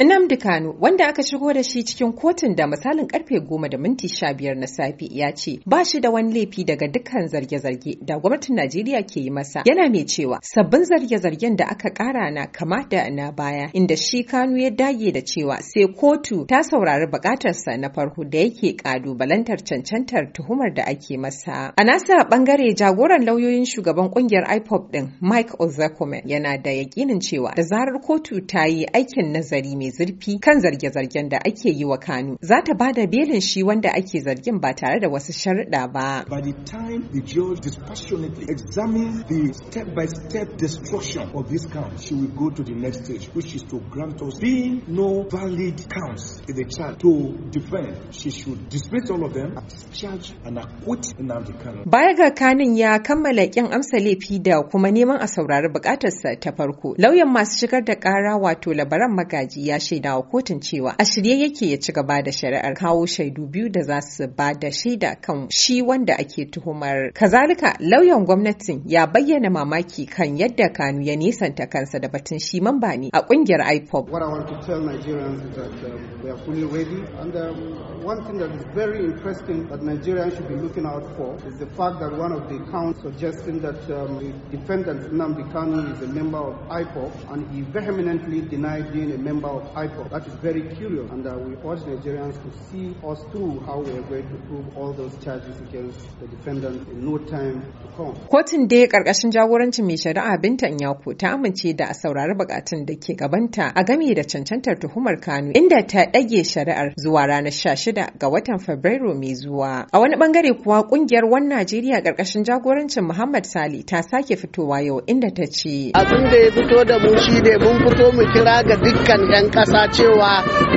Nnamdi Kanu wanda aka shigo da shi cikin kotun da misalin karfe goma da minti sha biyar na safe ya ce ba shi da wani laifi daga dukkan zarge-zarge da gwamnatin Najeriya ke yi masa yana mai cewa sabbin zarge-zargen da aka kara na kama da na baya inda shi Kanu ya dage da cewa sai kotu ta saurari bukatarsa na farko da yake balantar cancantar tuhumar da ake masa. A nasa bangare jagoran lauyoyin shugaban kungiyar IPOP din Mike Ozakomen yana da yakinin cewa da zarar kotu ta yi aikin nazari mai mai zurfi kan zarge-zargen da ake yi wa Kanu za ta ba da belin shi wanda ake zargin ba tare da wasu sharuɗa ba. By the time the judge dispassionately examines the step-by-step destruction of this count, she will go to the next stage, which is to grant us being no valid counts in the child to defend. She should dismiss all of them discharge and acquit Nnamdi Kanu. Baya ga Kanun ya kammala kyan amsa laifi da kuma neman a saurari bukatarsa ta farko. Lauyan masu shigar da ƙara wato labaran magaji ya ya shaida wa kotun cewa a shirye yake ya ci gaba da shari'ar kawo shaidu biyu da za su ba da shaida kan shi wanda ake tuhumar. Kazalika lauyan gwamnatin ya bayyana mamaki kan yadda Kanu ya nisanta kansa da batun shi mamba ne a kungiyar IPOB. What I want to tell Nigerians is that um, we are fully ready and um, one thing that is very interesting that Nigerians should be looking out for is the fact that one of the counts suggesting that um, the defendant Nnamdi Kanu is a member of IPOB and he vehemently denied being a member of IPOC. That is very curious, and uh, we urge Nigerians to see us through how we are going to prove all those charges against the defendant in no time to come. Kotun dai karkashin jagorancin mai shari'a Binta Nyako ta amince da a saurari bukatun da ke gabanta a game da cancantar tuhumar Kano inda ta ɗage shari'ar zuwa ranar 16 ga watan Fabrairu mai zuwa. A wani ɓangare kuwa ƙungiyar Wan Najeriya karkashin jagorancin Muhammad Sali ta sake fitowa yau inda ta ce abin da ya fito da mu shi ne mun fito mu kira ga dukkan 'yan kasa cewa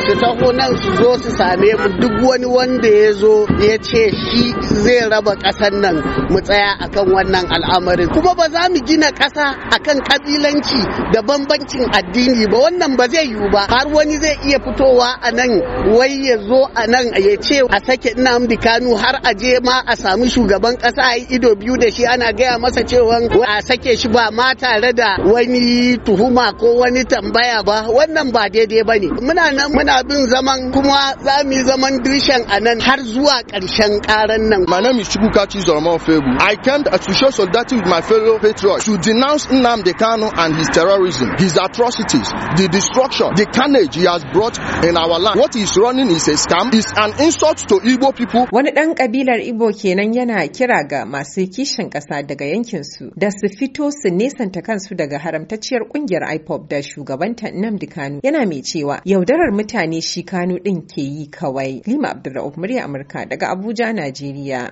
su taho nan su zo su same mu duk wani wanda ya zo ya ce shi zai raba kasan nan mu tsaya akan wannan al'amarin kuma ba za mu gina kasa akan kabilanci da bambancin addini ba wannan ba zai yiwu ba har wani zai iya fitowa a nan wai ya zo a nan ya ce a sake Nnamdi Kanu har a je ma a samu shugaban kasa a yi ido biyu da shi ana gaya masa cewa a sake shi ba ma tare da wani tuhuma ko wani tambaya ba wannan ba dai daidai ba ne muna nan muna bin zaman kuma za mu yi zaman dirshan a nan har zuwa ƙarshen ƙaran nan my name is chukwukachi zoroma ofebu i can't associate solidarity with my fellow patriots to denounce nnamdi kanu and his terrorism his atrocities the destruction the carnage he has brought in our land what he is running is a scam is an insult to igbo people wani ɗan kabilar igbo kenan yana kira ga masu kishin ƙasa daga yankinsu da su fito su nesanta kansu daga haramtacciyar ƙungiyar ipop da shugabanta nnamdi kanu yana mai mai cewa yaudarar mutane shi Kano ɗin ke yi kawai. Lima Abdulrauf murya Amurka daga Abuja, Najeriya.